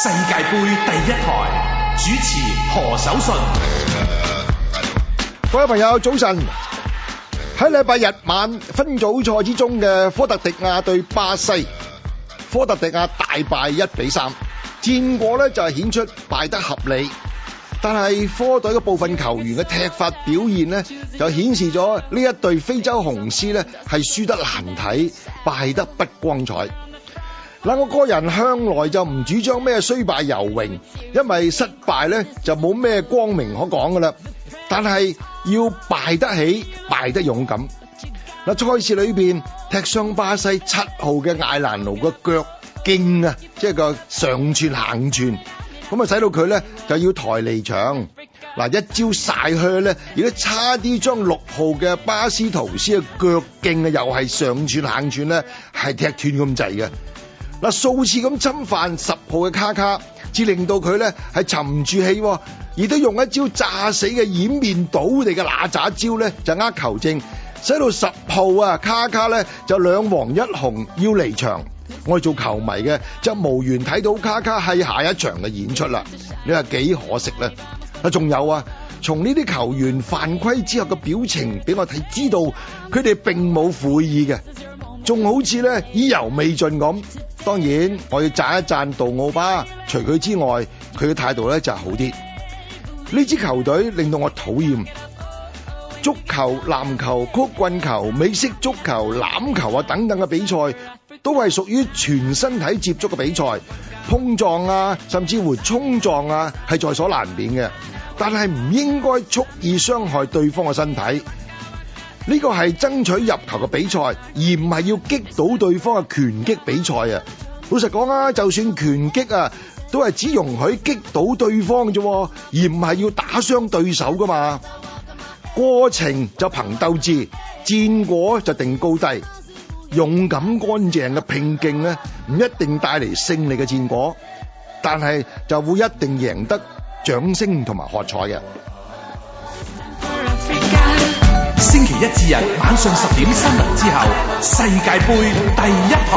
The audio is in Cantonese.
世界盃第一台主持何守信，各位朋友，早晨。喺禮拜日晚分組賽之中嘅科特迪瓦對巴西，科特迪瓦大敗一比三，戰果咧就係顯出敗得合理，但係科隊嘅部分球員嘅踢法表現呢，就顯示咗呢一隊非洲雄獅呢係輸得難睇，敗得不光彩。嗱，我個人向來就唔主張咩雖敗猶榮，因為失敗咧就冇咩光明可講噶啦。但係要敗得起，敗得勇敢。嗱，賽事裏邊踢傷巴西七號嘅艾蘭奴嘅腳勁啊，即係個上串行串，咁啊使到佢咧就要抬離場。嗱，一招晒靴咧，亦都差啲將六號嘅巴斯圖斯嘅腳勁啊，又係上串行串咧，係踢斷咁滯嘅。嗱，數次咁侵犯十號嘅卡卡，至令到佢咧係沉唔住氣、哦，而都用一招炸死嘅掩面倒地嘅垃圾招咧，就呃球證，使到十號啊卡卡咧就兩黃一紅要離場。我哋做球迷嘅就無緣睇到卡卡喺下一場嘅演出啦。你話幾可惜咧？啊，仲有啊，從呢啲球員犯規之後嘅表情俾我睇，知道佢哋並冇悔意嘅。仲好似咧意猶未盡咁。當然我要讚一讚杜奧巴。除佢之外，佢嘅態度咧就好啲。呢 支球隊令到我討厭。足球、籃球、曲棍球、美式足球、欖球啊等等嘅比賽，都係屬於全身體接觸嘅比賽，碰撞啊，甚至乎衝撞啊，係在所難免嘅。但係唔應該蓄意傷害對方嘅身體。呢個係爭取入球嘅比賽，而唔係要擊倒對方嘅拳擊比賽啊！老實講啊，就算拳擊啊，都係只容許擊倒對方啫，而唔係要打傷對手噶嘛。過程就憑鬥志，戰果就定高低。勇敢乾淨嘅拼勁咧，唔一定帶嚟勝利嘅戰果，但係就會一定贏得掌聲同埋喝彩嘅。星期一至日晚上十點，新聞之後世界杯第一台。